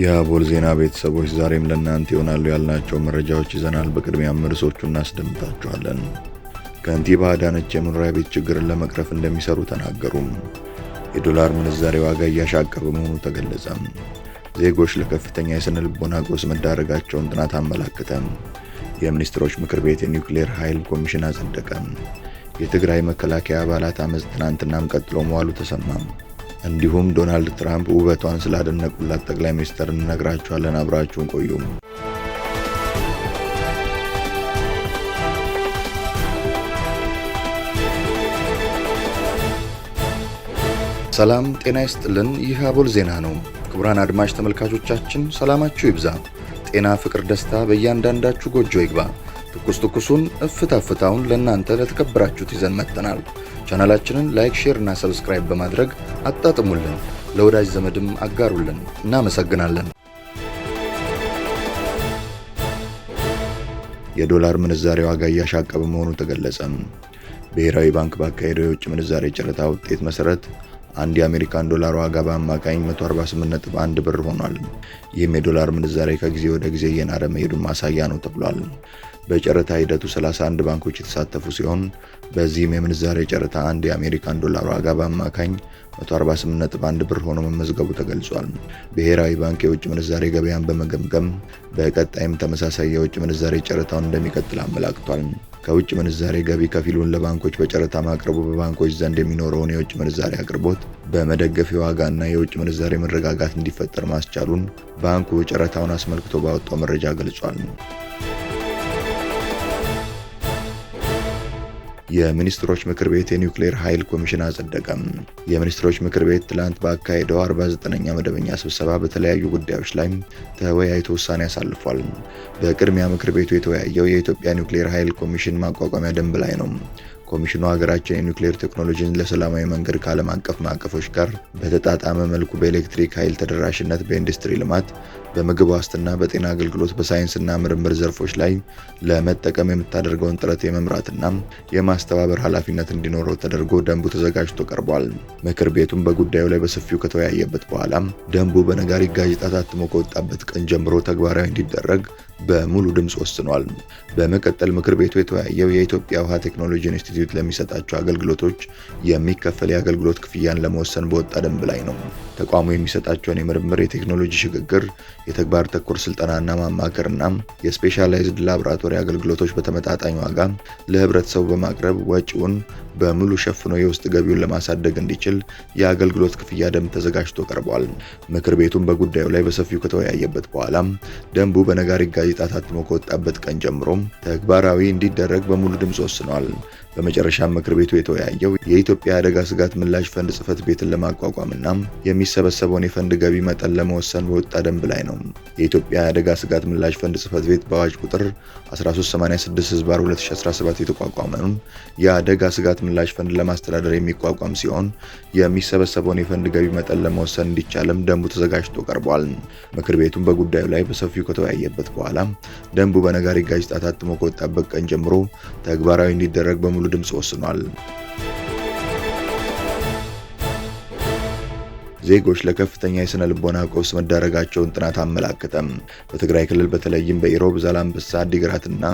የአቦል ዜና ቤተሰቦች ዛሬም ለእናንተ ይሆናሉ ያልናቸው መረጃዎች ይዘናል። በቅድሚያም ርዕሶቹ እናስደምጣችኋለን። ከንቲባ አዳነች የመኖሪያ ቤት ችግርን ለመቅረፍ እንደሚሰሩ ተናገሩም። የዶላር ምንዛሬ ዋጋ እያሻቀበ መሆኑ ተገለጸም። ዜጎች ለከፍተኛ የስነ ልቦና ቀውስ መዳረጋቸውን ጥናት አመላክተም። የሚኒስትሮች ምክር ቤት የኒውክሌር ኃይል ኮሚሽን አጸደቀም። የትግራይ መከላከያ አባላት አመፅ ትናንትናም ቀጥሎ መዋሉ ተሰማም። እንዲሁም ዶናልድ ትራምፕ ውበቷን ስላደነቁላት ጠቅላይ ሚኒስትር እንነግራችኋለን። አብራችሁን ቆዩም። ሰላም ጤና ይስጥልን። ይህ አቦል ዜና ነው። ክቡራን አድማጭ ተመልካቾቻችን ሰላማችሁ ይብዛ፣ ጤና፣ ፍቅር፣ ደስታ በእያንዳንዳችሁ ጎጆ ይግባ። ትኩስ ትኩሱን እፍታ ፍታውን ለእናንተ ለተከበራችሁት ይዘን መጥተናል። ቻናላችንን ላይክ፣ ሼር እና ሰብስክራይብ በማድረግ አጣጥሙልን፣ ለወዳጅ ዘመድም አጋሩልን። እናመሰግናለን። የዶላር ምንዛሬ ዋጋ እያሻቀበ መሆኑ ተገለጸ። ብሔራዊ ባንክ ባካሄደው የውጭ ምንዛሬ ጨረታ ውጤት መሰረት አንድ የአሜሪካን ዶላር ዋጋ በአማካኝ 148.1 ብር ሆኗል። ይህም የዶላር ምንዛሬ ከጊዜ ወደ ጊዜ እየናረ መሄዱን ማሳያ ነው ተብሏል። በጨረታ ሂደቱ 31 ባንኮች የተሳተፉ ሲሆን በዚህም የምንዛሬ ጨረታ አንድ የአሜሪካን ዶላር ዋጋ በአማካኝ 148.1 ብር ሆኖ መመዝገቡ ተገልጿል። ብሔራዊ ባንክ የውጭ ምንዛሬ ገበያን በመገምገም በቀጣይም ተመሳሳይ የውጭ ምንዛሬ ጨረታውን እንደሚቀጥል አመላክቷል። ከውጭ ምንዛሬ ገቢ ከፊሉን ለባንኮች በጨረታ ማቅረቡ በባንኮች ዘንድ የሚኖረውን የውጭ ምንዛሬ አቅርቦት በመደገፍ የዋጋና የውጭ ምንዛሬ መረጋጋት እንዲፈጠር ማስቻሉን ባንኩ ጨረታውን አስመልክቶ ባወጣው መረጃ ገልጿል። የሚኒስትሮች ምክር ቤት የኒውክሌር ኃይል ኮሚሽን አጸደቀም። የሚኒስትሮች ምክር ቤት ትላንት በአካሄደው 49ኛ መደበኛ ስብሰባ በተለያዩ ጉዳዮች ላይ ተወያይቶ ውሳኔ አሳልፏል። በቅድሚያ ምክር ቤቱ የተወያየው የኢትዮጵያ ኒውክሌር ኃይል ኮሚሽን ማቋቋሚያ ደንብ ላይ ነው። ኮሚሽኑ ሀገራችን የኒውክሌር ቴክኖሎጂን ለሰላማዊ መንገድ ከዓለም አቀፍ ማዕቀፎች ጋር በተጣጣመ መልኩ በኤሌክትሪክ ኃይል ተደራሽነት፣ በኢንዱስትሪ ልማት፣ በምግብ ዋስትና፣ በጤና አገልግሎት፣ በሳይንስና ምርምር ዘርፎች ላይ ለመጠቀም የምታደርገውን ጥረት የመምራትና የማስተባበር ኃላፊነት እንዲኖረው ተደርጎ ደንቡ ተዘጋጅቶ ቀርቧል። ምክር ቤቱም በጉዳዩ ላይ በሰፊው ከተወያየበት በኋላ ደንቡ በነጋሪት ጋዜጣ ታትሞ ከወጣበት ቀን ጀምሮ ተግባራዊ እንዲደረግ በሙሉ ድምፅ ወስኗል። በመቀጠል ምክር ቤቱ የተወያየው የኢትዮጵያ ውሃ ቴክኖሎጂ ኢንስቲትዩት ለሚሰጣቸው አገልግሎቶች የሚከፈል የአገልግሎት ክፍያን ለመወሰን በወጣ ደንብ ላይ ነው። ተቋሙ የሚሰጣቸውን የምርምር የቴክኖሎጂ ሽግግር የተግባር ተኮር ስልጠናና ማማከርና የስፔሻላይዝድ ላቦራቶሪ አገልግሎቶች በተመጣጣኝ ዋጋ ለህብረተሰቡ በማቅረብ ወጪውን በሙሉ ሸፍኖ የውስጥ ገቢውን ለማሳደግ እንዲችል የአገልግሎት ክፍያ ደንብ ተዘጋጅቶ ቀርቧል። ምክር ቤቱም በጉዳዩ ላይ በሰፊው ከተወያየበት በኋላም ደንቡ በነጋሪት ጋዜጣ ታትሞ ከወጣበት ቀን ጀምሮም ተግባራዊ እንዲደረግ በሙሉ ድምፅ ወስኗል። በመጨረሻም ምክር ቤቱ የተወያየው የኢትዮጵያ አደጋ ስጋት ምላሽ ፈንድ ጽፈት ቤትን ለማቋቋምና የሚሰበሰበውን የፈንድ ገቢ መጠን ለመወሰን በወጣ ደንብ ላይ ነው። የኢትዮጵያ አደጋ ስጋት ምላሽ ፈንድ ጽፈት ቤት በአዋጅ ቁጥር 1386 2017 የተቋቋመ የአደጋ ስጋት ምላሽ ፈንድ ለማስተዳደር የሚቋቋም ሲሆን የሚሰበሰበውን የፈንድ ገቢ መጠን ለመወሰን እንዲቻልም ደንቡ ተዘጋጅቶ ቀርቧል። ምክር ቤቱም በጉዳዩ ላይ በሰፊው ከተወያየበት በኋላ ደንቡ በነጋሪ ጋዜጣ ታትሞ ከወጣበት ቀን ጀምሮ ተግባራዊ እንዲደረግ በሙሉ ድምፅ ወስኗል። ዜጎች ለከፍተኛ የስነ ልቦና ቀውስ መዳረጋቸውን ጥናት አመላከተም። በትግራይ ክልል በተለይም በኢሮብ፣ ዛላምበሳ፣ አዲግራትና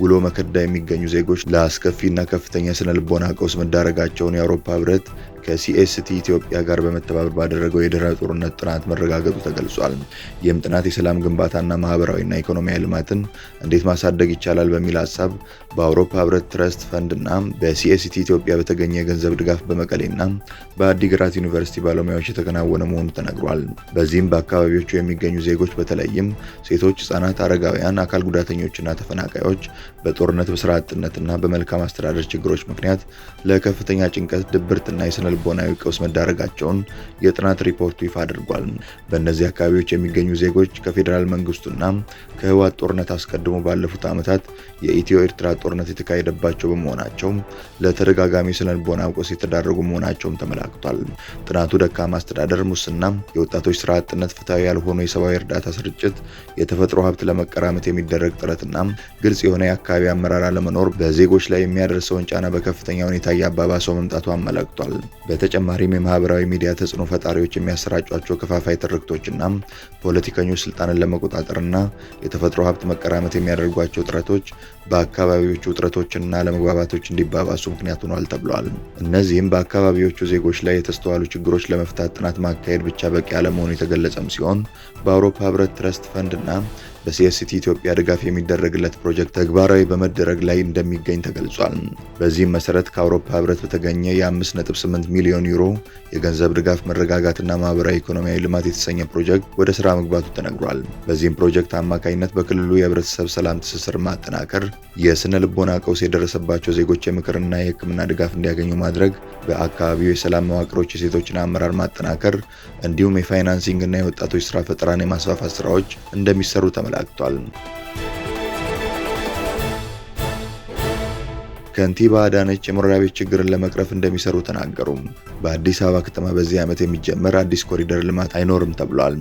ጉሎ መከዳ የሚገኙ ዜጎች ለአስከፊና ከፍተኛ የስነ ልቦና ቀውስ መዳረጋቸውን የአውሮፓ ህብረት ከሲኤስቲ ኢትዮጵያ ጋር በመተባበር ባደረገው የድህረ ጦርነት ጥናት መረጋገጡ ተገልጿል። ይህም ጥናት የሰላም ግንባታና ማህበራዊና ኢኮኖሚያዊ ልማትን እንዴት ማሳደግ ይቻላል በሚል ሀሳብ በአውሮፓ ህብረት ትረስት ፈንድና በሲኤስቲ ኢትዮጵያ በተገኘ የገንዘብ ድጋፍ በመቀሌና በአዲግራት ዩኒቨርሲቲ ባለሙያዎች የተከናወነ መሆኑ ተነግሯል። በዚህም በአካባቢዎቹ የሚገኙ ዜጎች በተለይም ሴቶች፣ ህጻናት፣ አረጋውያን፣ አካል ጉዳተኞችና ተፈናቃዮች በጦርነት በስራ አጥነትና በመልካም አስተዳደር ችግሮች ምክንያት ለከፍተኛ ጭንቀት፣ ድብርትና የስነ ልቦናዊ ቀውስ መዳረጋቸውን የጥናት ሪፖርቱ ይፋ አድርጓል። በእነዚህ አካባቢዎች የሚገኙ ዜጎች ከፌዴራል መንግስቱና ከህወሓት ጦርነት አስቀድሞ ባለፉት ዓመታት የኢትዮ ኤርትራ ጦርነት የተካሄደባቸው በመሆናቸው ለተደጋጋሚ ስነ ልቦና ቀውስ የተዳረጉ መሆናቸውም ተመላክቷል። ጥናቱ ደካማ አስተዳደር፣ ሙስና፣ የወጣቶች ስራ አጥነት፣ ፍትሐዊ ያልሆኑ የሰብአዊ እርዳታ ስርጭት፣ የተፈጥሮ ሀብት ለመቀራመት የሚደረግ ጥረትና ግልጽ የሆነ የአካባቢ አመራር አለመኖር በዜጎች ላይ የሚያደርሰውን ጫና በከፍተኛ ሁኔታ እያባባሰው መምጣቱ አመላክቷል። በተጨማሪም የማህበራዊ ሚዲያ ተጽዕኖ ፈጣሪዎች የሚያሰራጯቸው ከፋፋይ ትርክቶችና ፖለቲከኞች ስልጣንን ለመቆጣጠርና የተፈጥሮ ሀብት መቀራመት የሚያደርጓቸው ጥረቶች በአካባቢዎቹ ውጥረቶችና ለመግባባቶች እንዲባባሱ ምክንያት ሆኗል ተብሏል። እነዚህም በአካባቢዎቹ ዜጎች ላይ የተስተዋሉ ችግሮች ለመፍታት ጥናት ማካሄድ ብቻ በቂ አለመሆኑ የተገለጸም ሲሆን በአውሮፓ ህብረት ትረስት ፈንድና በሲኤስቲ ኢትዮጵያ ድጋፍ የሚደረግለት ፕሮጀክት ተግባራዊ በመደረግ ላይ እንደሚገኝ ተገልጿል። በዚህም መሰረት ከአውሮፓ ህብረት በተገኘ የ5.8 ሚሊዮን ዩሮ የገንዘብ ድጋፍ መረጋጋትና ማህበራዊ ኢኮኖሚያዊ ልማት የተሰኘ ፕሮጀክት ወደ ስራ መግባቱ ተነግሯል። በዚህም ፕሮጀክት አማካኝነት በክልሉ የህብረተሰብ ሰላም ትስስር ማጠናከር፣ የስነ ልቦና ቀውስ የደረሰባቸው ዜጎች የምክርና የህክምና ድጋፍ እንዲያገኙ ማድረግ፣ በአካባቢው የሰላም መዋቅሮች የሴቶችን አመራር ማጠናከር እንዲሁም የፋይናንሲንግ የወጣቶች ስራ ፈጠራን የማስፋፋት ስራዎች እንደሚሰሩ ተመ ተመላክቷል። ከንቲባ አዳነች የመኖሪያ ቤት ችግርን ለመቅረፍ እንደሚሰሩ ተናገሩ። በአዲስ አበባ ከተማ በዚህ ዓመት የሚጀመር አዲስ ኮሪደር ልማት አይኖርም ተብሏል።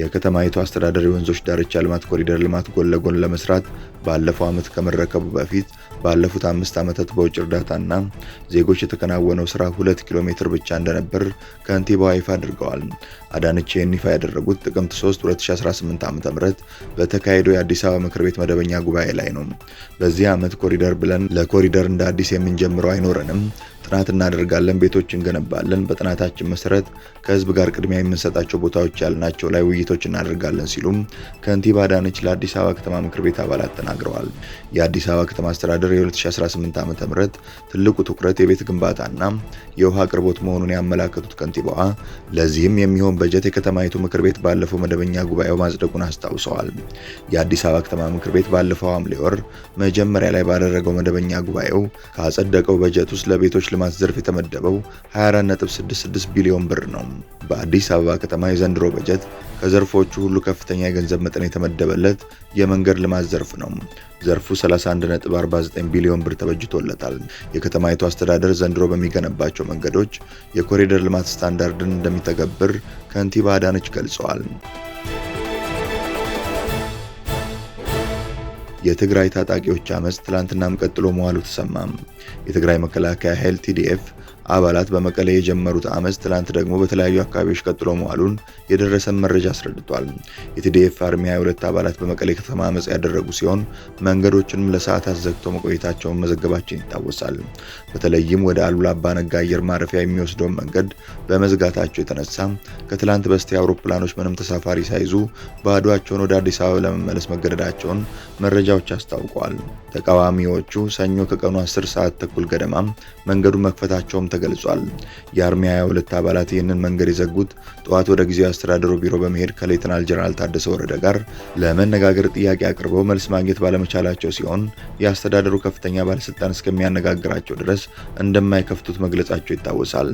የከተማይቱ አስተዳደር የወንዞች ዳርቻ ልማት ኮሪደር ልማት ጎን ለጎን ለመስራት ባለፈው ዓመት ከመረከቡ በፊት ባለፉት አምስት ዓመታት በውጭ እርዳታና ዜጎች የተከናወነው ስራ ሁለት ኪሎ ሜትር ብቻ እንደነበር ከንቲባዋ ይፋ አድርገዋል። አዳነች ይህን ይፋ ያደረጉት ጥቅምት 3 2018 ዓ.ም በተካሄደው የአዲስ አበባ ምክር ቤት መደበኛ ጉባኤ ላይ ነው። በዚህ ዓመት ኮሪደር ብለን ለኮሪደር እንደ አዲስ የምንጀምረው አይኖረንም ጥናት እናደርጋለን፣ ቤቶች እንገነባለን፣ በጥናታችን መሰረት ከህዝብ ጋር ቅድሚያ የምንሰጣቸው ቦታዎች ያልናቸው ላይ ውይይቶች እናደርጋለን ሲሉም ከንቲባ አዳነች ለአዲስ አበባ ከተማ ምክር ቤት አባላት ተናግረዋል። የአዲስ አበባ ከተማ አስተዳደር የ2018 ዓ ም ትልቁ ትኩረት የቤት ግንባታና የውሃ አቅርቦት መሆኑን ያመላከቱት ከንቲባዋ ለዚህም የሚሆን በጀት የከተማይቱ ምክር ቤት ባለፈው መደበኛ ጉባኤው ማጽደቁን አስታውሰዋል። የአዲስ አበባ ከተማ ምክር ቤት ባለፈው ሐምሌ ወር መጀመሪያ ላይ ባደረገው መደበኛ ጉባኤው ካጸደቀው በጀት ውስጥ ለቤቶች ልማ ልማት ዘርፍ የተመደበው 24.66 ቢሊዮን ብር ነው። በአዲስ አበባ ከተማ የዘንድሮ በጀት ከዘርፎቹ ሁሉ ከፍተኛ የገንዘብ መጠን የተመደበለት የመንገድ ልማት ዘርፍ ነው። ዘርፉ 31.49 ቢሊዮን ብር ተበጅቶለታል። የከተማይቱ አስተዳደር ዘንድሮ በሚገነባቸው መንገዶች የኮሪደር ልማት ስታንዳርድን እንደሚተገብር ከንቲባ አዳነች ገልጸዋል። የትግራይ ታጣቂዎች አመፅ ትላንትናም ቀጥሎ መዋሉ ተሰማም። የትግራይ መከላከያ ኃይል ቲዲኤፍ አባላት በመቀሌ የጀመሩት አመፅ ትላንት ደግሞ በተለያዩ አካባቢዎች ቀጥሎ መዋሉን የደረሰን መረጃ አስረድቷል። የቲዲኤፍ አርሚ 22 አባላት በመቀሌ ከተማ አመፅ ያደረጉ ሲሆን መንገዶችንም ለሰዓታት ዘግተው መቆየታቸውን መዘገባችን ይታወሳል። በተለይም ወደ አሉላ አባ ነጋ አየር ማረፊያ የሚወስደውን መንገድ በመዝጋታቸው የተነሳ ከትላንት በስቲያ አውሮፕላኖች ምንም ተሳፋሪ ሳይዙ ባዷቸውን ወደ አዲስ አበባ ለመመለስ መገደዳቸውን መረጃዎች አስታውቋል። ተቃዋሚዎቹ ሰኞ ከቀኑ 10 ሰዓት ተኩል ገደማ መንገዱን መክፈታቸውም ተገልጿል። የአርሚ 22 አባላት ይህንን መንገድ የዘጉት ጠዋት ወደ ጊዜያዊ አስተዳደሩ ቢሮ በመሄድ ከሌተናል ጀነራል ታደሰ ወረደ ጋር ለመነጋገር ጥያቄ አቅርበው መልስ ማግኘት ባለመቻላቸው ሲሆን የአስተዳደሩ ከፍተኛ ባለስልጣን እስከሚያነጋግራቸው ድረስ እንደማይከፍቱት መግለጻቸው ይታወሳል።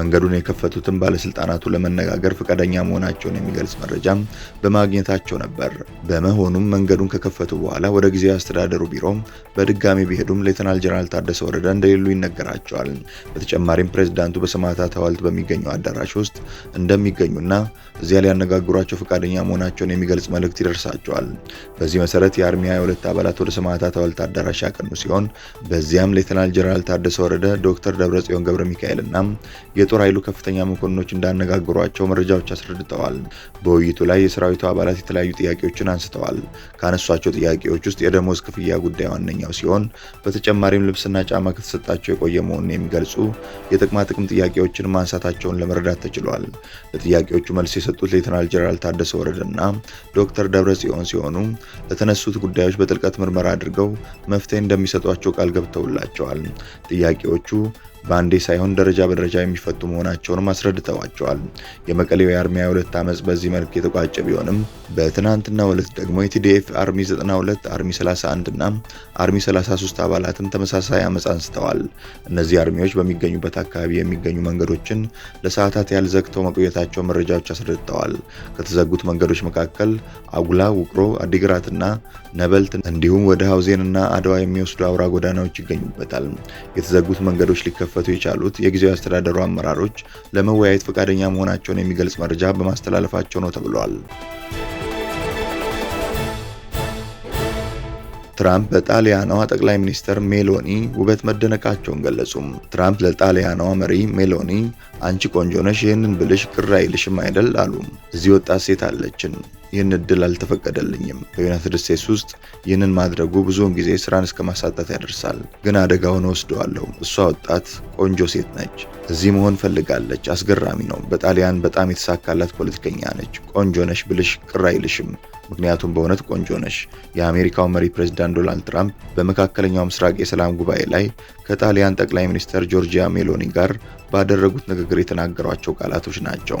መንገዱን የከፈቱትን ባለስልጣናቱ ለመነጋገር ፈቃደኛ መሆናቸውን የሚገልጽ መረጃም በማግኘታቸው ነበር። በመሆኑም መንገዱን ከከፈቱ በኋላ ወደ ጊዜያዊ አስተዳደሩ ቢሮ በድጋሚ ቢሄዱም ሌተናል ጀነራል ታደሰ ወረደ እንደሌሉ ይነገራቸዋል። በተጨማሪም ፕሬዝዳንቱ በሰማዕታት ሐውልት በሚገኘው አዳራሽ ውስጥ እንደሚገኙና እዚያ ሊያነጋግሯቸው ፈቃደኛ መሆናቸውን የሚገልጽ መልእክት ይደርሳቸዋል። በዚህ መሰረት የአርሚ 22 አባላት ወደ ሰማዕታት ሐውልት አዳራሽ ያቀኑ ሲሆን በዚያም ሌተናል ጀነራል ታደሰ ወረደ፣ ዶክተር ደብረጽዮን ገብረ ሚካኤል እና የጦር ኃይሉ ከፍተኛ መኮንኖች እንዳነጋግሯቸው መረጃዎች አስረድተዋል። በውይይቱ ላይ የሰራዊቱ አባላት የተለያዩ ጥያቄዎችን አንስተዋል። ካነሷቸው ጥያቄዎች ውስጥ የደሞዝ ክፍያ ጉዳይ ዋነኛው ሲሆን በተጨማሪም ልብስና ጫማ ከተሰጣቸው የቆየ መሆኑን የሚገልጹ የጥቅማ ጥቅም ጥያቄዎችን ማንሳታቸውን ለመረዳት ተችሏል። ለጥያቄዎቹ መልስ የሰጡት ሌተናል ጀነራል ታደሰ ወረደና ዶክተር ደብረ ጽዮን ሲሆኑ ለተነሱት ጉዳዮች በጥልቀት ምርመራ አድርገው መፍትሄ እንደሚሰጧቸው ቃል ገብተውላቸዋል። ጥያቄዎቹ በአንዴ ሳይሆን ደረጃ በደረጃ የሚፈቱ መሆናቸውንም አስረድተዋቸዋል። የመቀሌው የአርሚ 22 ዓመፅ በዚህ መልክ የተቋጨ ቢሆንም በትናንትናው ዕለት ደግሞ የቲዲኤፍ አርሚ 92፣ አርሚ 31 እና አርሚ 33 አባላትም ተመሳሳይ አመፅ አንስተዋል። እነዚህ አርሚዎች በሚገኙበት አካባቢ የሚገኙ መንገዶችን ለሰዓታት ያህል ዘግተው መቆየታቸው መረጃዎች አስረድተዋል። ከተዘጉት መንገዶች መካከል አጉላ፣ ውቅሮ፣ አዲግራትና ነበልት እንዲሁም ወደ ሀውዜንና አድዋ የሚወስዱ አውራ ጎዳናዎች ይገኙበታል። የተዘጉት መንገዶች ሊከፍ ሊከፈቱ የቻሉት የጊዜያዊ አስተዳደሩ አመራሮች ለመወያየት ፈቃደኛ መሆናቸውን የሚገልጽ መረጃ በማስተላለፋቸው ነው ተብሏል። ትራምፕ በጣሊያናዋ ጠቅላይ ሚኒስትር ሜሎኒ ውበት መደነቃቸውን ገለጹም። ትራምፕ ለጣሊያናዋ መሪ ሜሎኒ አንቺ ቆንጆ ነሽ፣ ይህንን ብልሽ ቅር አይልሽም አይደል አሉ። እዚህ ወጣት ሴት አለችን፣ ይህን እድል አልተፈቀደልኝም። በዩናይትድ ስቴትስ ውስጥ ይህንን ማድረጉ ብዙውን ጊዜ ስራን እስከ ማሳጣት ያደርሳል፣ ግን አደጋውን ወስደዋለሁ። እሷ ወጣት ቆንጆ ሴት ነች፣ እዚህ መሆን ፈልጋለች። አስገራሚ ነው። በጣሊያን በጣም የተሳካላት ፖለቲከኛ ነች። ቆንጆ ነሽ ብልሽ ቅር አይልሽም ምክንያቱም በእውነት ቆንጆ ነሽ። የአሜሪካው መሪ ፕሬዚዳንት ዶናልድ ትራምፕ በመካከለኛው ምስራቅ የሰላም ጉባኤ ላይ ከጣሊያን ጠቅላይ ሚኒስትር ጆርጂያ ሜሎኒ ጋር ባደረጉት ንግግር የተናገሯቸው ቃላቶች ናቸው።